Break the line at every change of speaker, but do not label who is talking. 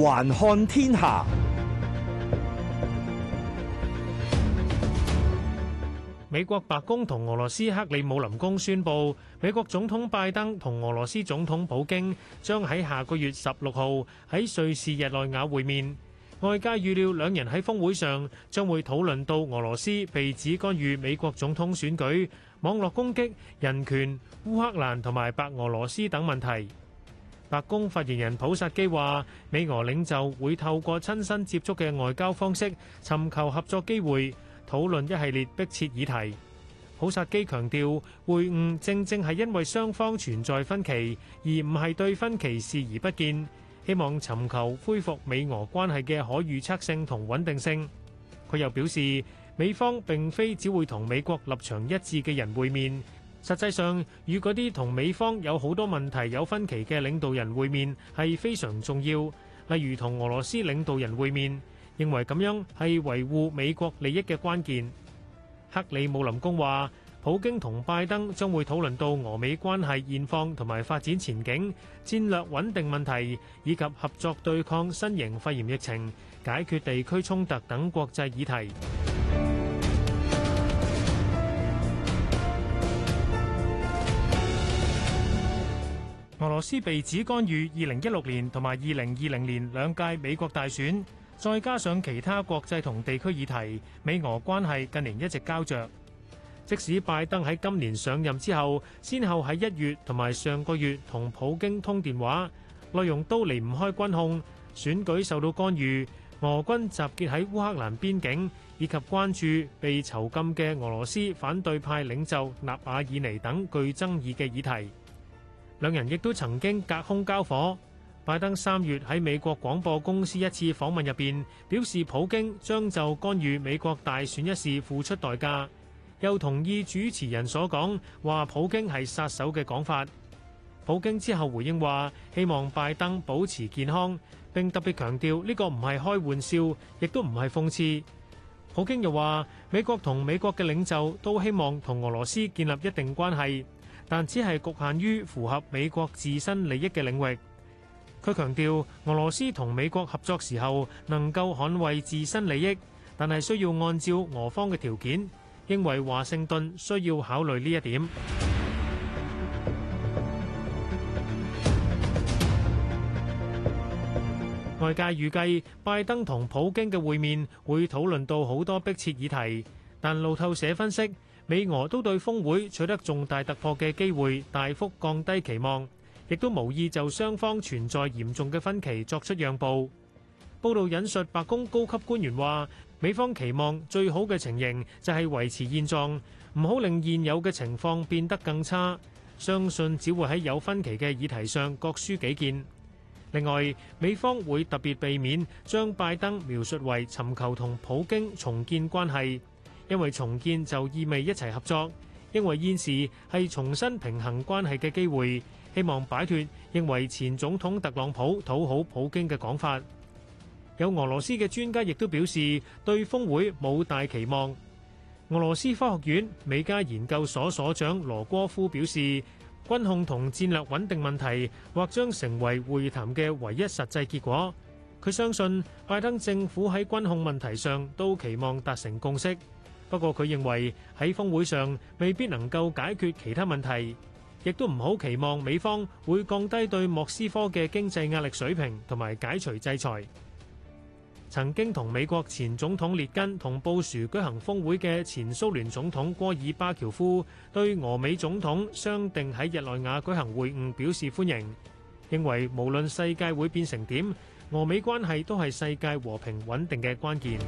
環看天下。美國白宮同俄羅斯克里姆林宮宣布，美國總統拜登同俄羅斯總統普京將喺下個月十六號喺瑞士日內瓦會面。外界預料兩人喺峰會上將會討論到俄羅斯被指干預美國總統選舉、網絡攻擊、人權、烏克蘭同埋白俄羅斯等問題。白宮發言人普薩基話，美俄領袖會透過親身接觸嘅外交方式，尋求合作機會，討論一系列迫切議題。普薩基強調，會晤正正係因為雙方存在分歧，而唔係對分歧視而不見，希望尋求恢復美俄關係嘅可預測性同穩定性。佢又表示，美方並非只會同美國立場一致嘅人會面。實際上，與嗰啲同美方有好多問題有分歧嘅領導人會面係非常重要，例如同俄羅斯領導人會面，認為咁樣係維護美國利益嘅關鍵。克里姆林宮話，普京同拜登將會討論到俄美關係現況同埋發展前景、戰略穩定問題以及合作對抗新型肺炎疫情、解決地區衝突等等國際議題。俄羅斯被指干預二零一六年同埋二零二零年兩屆美國大選，再加上其他國際同地區議題，美俄關係近年一直膠着。即使拜登喺今年上任之後先後喺一月同埋上個月同普京通電話，內容都離唔開軍控、選舉受到干預，俄軍集結喺烏克蘭邊境以及關注被囚禁嘅俄羅斯反對派領袖納瓦爾尼等具爭議嘅議題。兩人亦都曾經隔空交火。拜登三月喺美國廣播公司一次訪問入邊，表示普京將就干預美國大選一事付出代價，又同意主持人所講話普京係殺手嘅講法。普京之後回應話，希望拜登保持健康，並特別強調呢個唔係開玩笑，亦都唔係諷刺。普京又話，美國同美國嘅領袖都希望同俄羅斯建立一定關係。但只係局限於符合美國自身利益嘅領域。佢強調，俄羅斯同美國合作時候能夠捍衛自身利益，但係需要按照俄方嘅條件。因為華盛頓需要考慮呢一點。 外界預計拜登同普京嘅會面會討論到好多迫切議題，但路透社分析，美俄都對峰會取得重大突破嘅機會大幅降低期望，亦都無意就雙方存在嚴重嘅分歧作出讓步。報道引述白宮高級官員話：美方期望最好嘅情形就係維持現狀，唔好令現有嘅情況變得更差，相信只會喺有分歧嘅議題上各抒己見。另外，美方會特別避免將拜登描述為尋求同普京重建關係。因為重建就意味一齊合作，因為現時係重新平衡關係嘅機會，希望擺脫認為前總統特朗普討好普京嘅講法。有俄羅斯嘅專家亦都表示對峰會冇大期望。俄羅斯科學院美加研究所所所長羅戈夫表示，軍控同戰略穩定問題或將成為會談嘅唯一實際結果。佢相信拜登政府喺軍控問題上都期望達成共識。不過佢認為喺峰會上未必能夠解決其他問題，亦都唔好期望美方會降低對莫斯科嘅經濟壓力水平同埋解除制裁。曾經同美國前總統列根同布殊舉行峰會嘅前蘇聯總統戈爾巴喬夫對俄美總統商定喺日內瓦舉行會晤表示歡迎，認為無論世界會變成點，俄美關係都係世界和平穩定嘅關鍵。